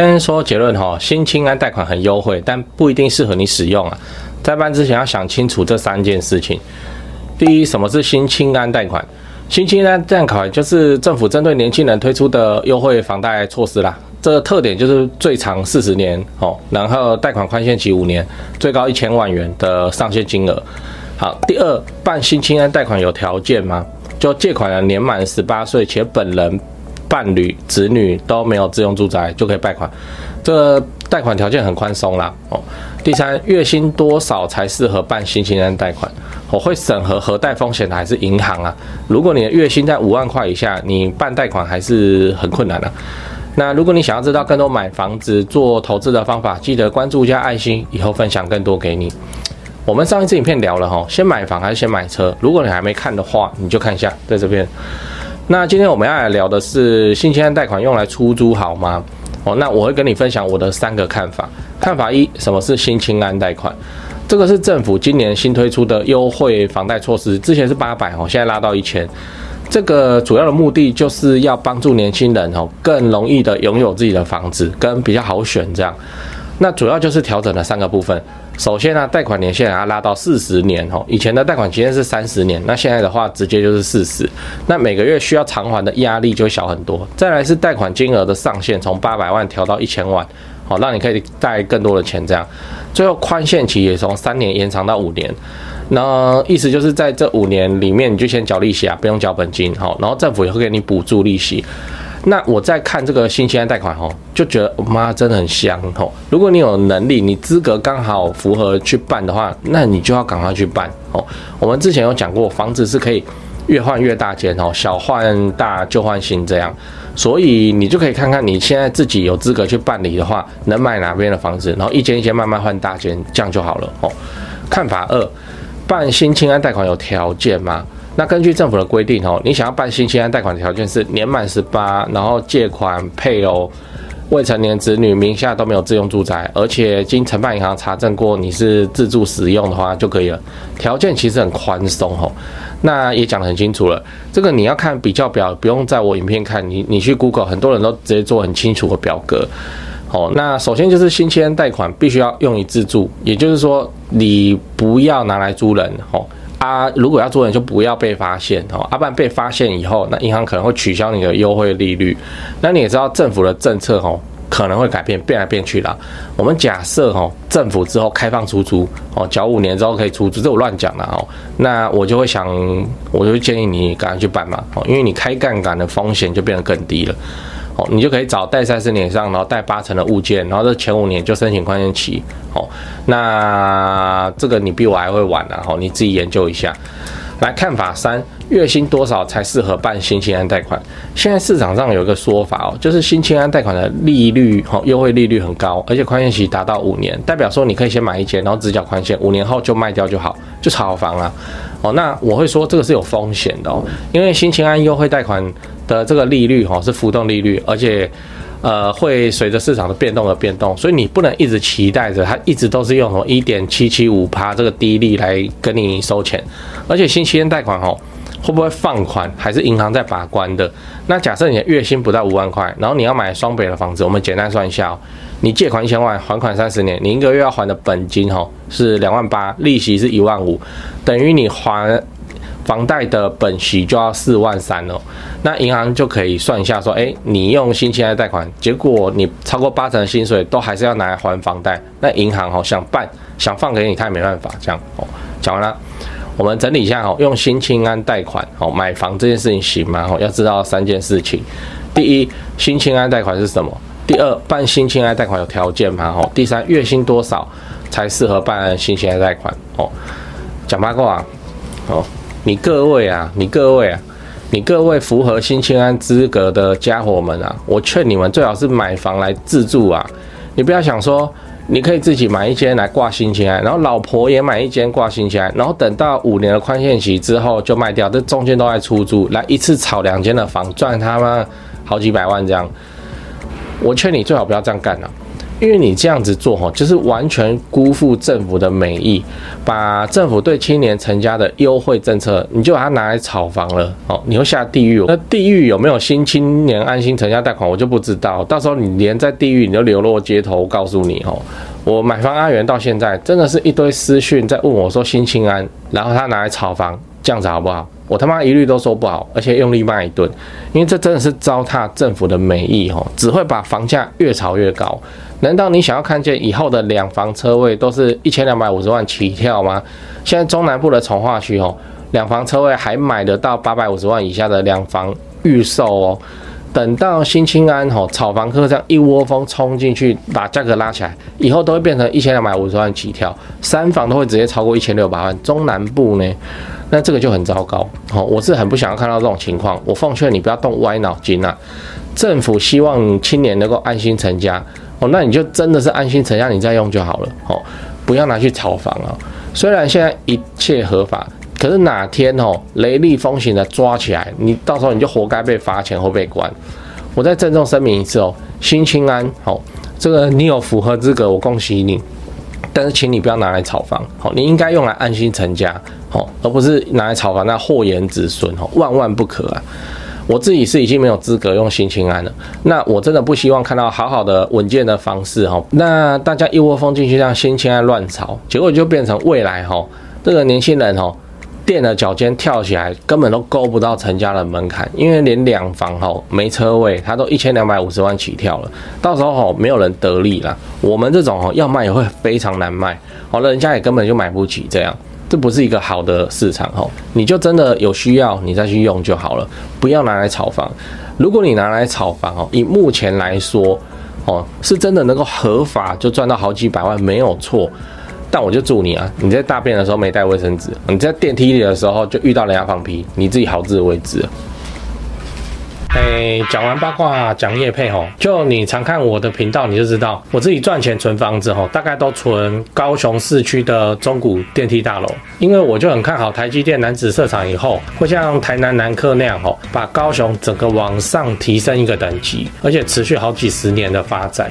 先說結論哈，新青安貸款很優惠，但不一定適合你使用啊。在辦之前要想清楚這三件事情。第一，什麼是新青安貸款？新青安貸款就是政府針對年輕人推出的優惠房貸措施啦。這個特點就是最長四十年哦，然後貸款寬限期五年，最高一千萬元的上限金額。好，第二，辦新青安貸款有條件嗎？就借款人年滿十八歲且本人。伴侶、子女都沒有自用住宅就可以貸款，這個、貸款條件很寬鬆啦哦。第三，月薪多少才適合辦新青安貸款？我、哦、會審核核貸風險的還是銀行啊？如果你的月薪在五萬塊以下，你辦貸款還是很困難的、啊。那如果你想要知道更多買房子做投資的方法，記得關注一下愛心，以後分享更多給你。我們上一次影片聊了哈、哦，先買房還是先買車？如果你還沒看的話，你就看一下，在這邊。那今天我們要來聊的是新青安貸款用來出租好嗎？哦，那我會跟你分享我的三個看法。看法一，什麼是新青安貸款？這個是政府今年新推出的優惠房貸措施，之前是八百哦，現在拉到一千。這個主要的目的就是要幫助年輕人哦，更容易的擁有自己的房子，跟比較好選這樣。那主要就是調整了三個部分。首先呢、啊，貸款年限要拉到四十年，以前的貸款期限是三十年，那現在的話直接就是四十，那每個月需要償還的壓力就小很多。再來是貸款金額的上限從八百萬調到一千萬，好，讓你可以貸更多的錢這樣。最後寬限期也從三年延長到五年，那意思就是在這五年裡面你就先繳利息啊，不用繳本金，然後政府也會給你補助利息。那我在看這個新青安貸款哦，就覺得媽、哦、真的很香哦。如果你有能力，你資格剛好符合去辦的話，那你就要趕快去辦哦。我們之前有講過，房子是可以越換越大間哦，小換大，舊換新這樣，所以你就可以看看你現在自己有資格去辦理的話，能買哪邊的房子，然後一間一間慢慢換大間，這樣就好了哦。看法二，辦新青安貸款有條件嗎？那根據政府的規定哦，你想要辦新青安貸款的條件是年滿十八，然後借款配偶、未成年子女名下都沒有自用住宅，而且經承辦銀行查證過你是自住使用的話就可以了。條件其實很寬鬆哦，那也講得很清楚了。這個你要看比較表，不用在我影片看，你你去 Google，很多人都直接做很清楚的表格。哦，那首先就是新青安貸款必須要用於自住，也就是說你不要拿來租人哦。啊，如果要做人，就不要被發現哦，啊，不然被發現以後，那銀行可能會取消你的優惠利率。那你也知道，政府的政策，哦，可能會改變，變來變去啦。我們假設，哦，政府之後開放出租哦，九五年之後可以出租，這我亂講的哦，那我就會想，我就建議你趕快去辦嘛，哦，因為你開槓桿的風險就變得更低了。你就可以找貸三十年以上，然後貸八成的物件，然後這前五年就申請寬限期。哦，那這個你比我還會晚呢，吼，你自己研究一下。來看法三，月薪多少才適合辦新青安貸款？現在市場上有一個說法哦，就是新青安貸款的利率哈、哦，優惠利率很高，而且寬限期達到五年，代表說你可以先買一間，然後只繳寬限，五年後就賣掉就好，就炒房啊。哦，那我會說這個是有風險的哦，因為新青安優惠貸款的這個利率哈、哦，是浮動利率，而且。呃，會隨着市場的變動而變動，所以你不能一直期待着它一直都是用什麼一點七七五趴這個低利來跟你收錢。而且，新青安貸款吼、哦，會不會放款，還是銀行在把關的？那假設你的月薪不到五萬塊，然後你要買雙北的房子，我們簡單算一下、哦，你借款一千萬，還款三十年，你一個月要還的本金吼、哦、是兩萬八，利息是一萬五，等於你還房貸的本息就要四萬三了、哦，那銀行就可以算一下，說：哎、欸，你用新青安貸款，結果你超過八成的薪水都還是要拿來還房貸，那銀行好、哦、想辦想放給你，他也沒辦法這樣哦。講完了，我們整理一下、哦、用新青安貸款哦買房這件事情行嗎？哦，要知道三件事情：第一，新青安貸款是什麼；第二，辦新青安貸款有條件嗎？哦；第三，月薪多少才適合辦新青安貸款？哦，講八卦，哦。你各位啊，你各位啊，你各位符合新青安資格的傢伙們啊，我勸你們最好是買房來自住啊，你不要想說你可以自己買一間來掛新青安，然後老婆也買一間掛新青安，然後等到五年的寬限期之後就賣掉，這中間都在出租，來一次炒兩間的房賺他媽好幾百萬這樣，我勸你最好不要這樣幹了啊。因為你這樣子做，吼，就是完全辜負政府的美意，把政府對青年成家的優惠政策，你就把它拿來炒房了，哦，你會下地獄。那地獄有沒有新青年安心成家貸款，我就不知道。到時候你連在地獄，你就流落街頭。告訴你，吼，我買房阿元到現在真的是一堆私訊在問我說新青安，然後他拿來炒房，這樣子好不好？我他媽一律都說不好，而且用力罵一頓，因為這真的是糟蹋政府的美意，吼，只會把房價越炒越高。難道你想要看見以後的兩房車位都是一千兩百五十萬起跳嗎？現在中南部的重劃區哦，兩房車位還買得到八百五十萬以下的兩房預售哦。等到新青安哦，炒房客這樣一窩蜂衝進去，把價格拉起來，以後都會變成一千兩百五十萬起跳，三房都會直接超過一千六百萬。中南部呢，那這個就很糟糕哦。我是很不想要看到這種情況，我奉勸你不要動歪腦筋啊！政府希望青年能夠安心成家。哦，那你就真的是安心成家，你再用就好了。哦，不要拿去炒房啊！雖然現在一切合法，可是哪天哦，雷厲風行的抓起來，你到時候你就活該被罰錢或被關。我再鄭重聲明一次哦，新青安，哦，這個你有符合資格，我恭喜你。但是請你不要拿來炒房，哦，你應該用來安心成家，哦，而不是拿來炒房，那禍延子孫，哦，萬萬不可啊！我自己是已經沒有資格用新青安了。那我真的不希望看到好好的穩健的房市哈，那大家一窩蜂進去讓新青安亂炒，結果就變成未來哈，這個年輕人哈，墊了腳尖跳起來，根本都夠不到成家的門檻，因為連兩房哈，沒車位，他都一千兩百五十萬起跳了。到時候哈，沒有人得利了，我們這種哈，要賣也會非常難賣，好了，人家也根本就買不起這樣。這不是一個好的市場哦，你就真的有需要你再去用就好了，不要拿來炒房。如果你拿來炒房哦，以目前來說，哦，是真的能夠合法就賺到好幾百萬沒有錯，但我就祝你啊，你在大便的時候沒帶衛生紙，你在電梯裡的時候就遇到人家放屁，你自己好自為之。講完八卦，講業配吼，就你常看我的頻道，你就知道我自己賺錢存房子吼，大概都存高雄市區的中古電梯大樓，因為我就很看好台積電楠梓設廠以後，會像台南南科那樣吼，把高雄整個往上提升一個等級，而且持續好幾十年的發展。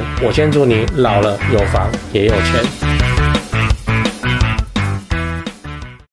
啊我先祝你老了有房也有錢。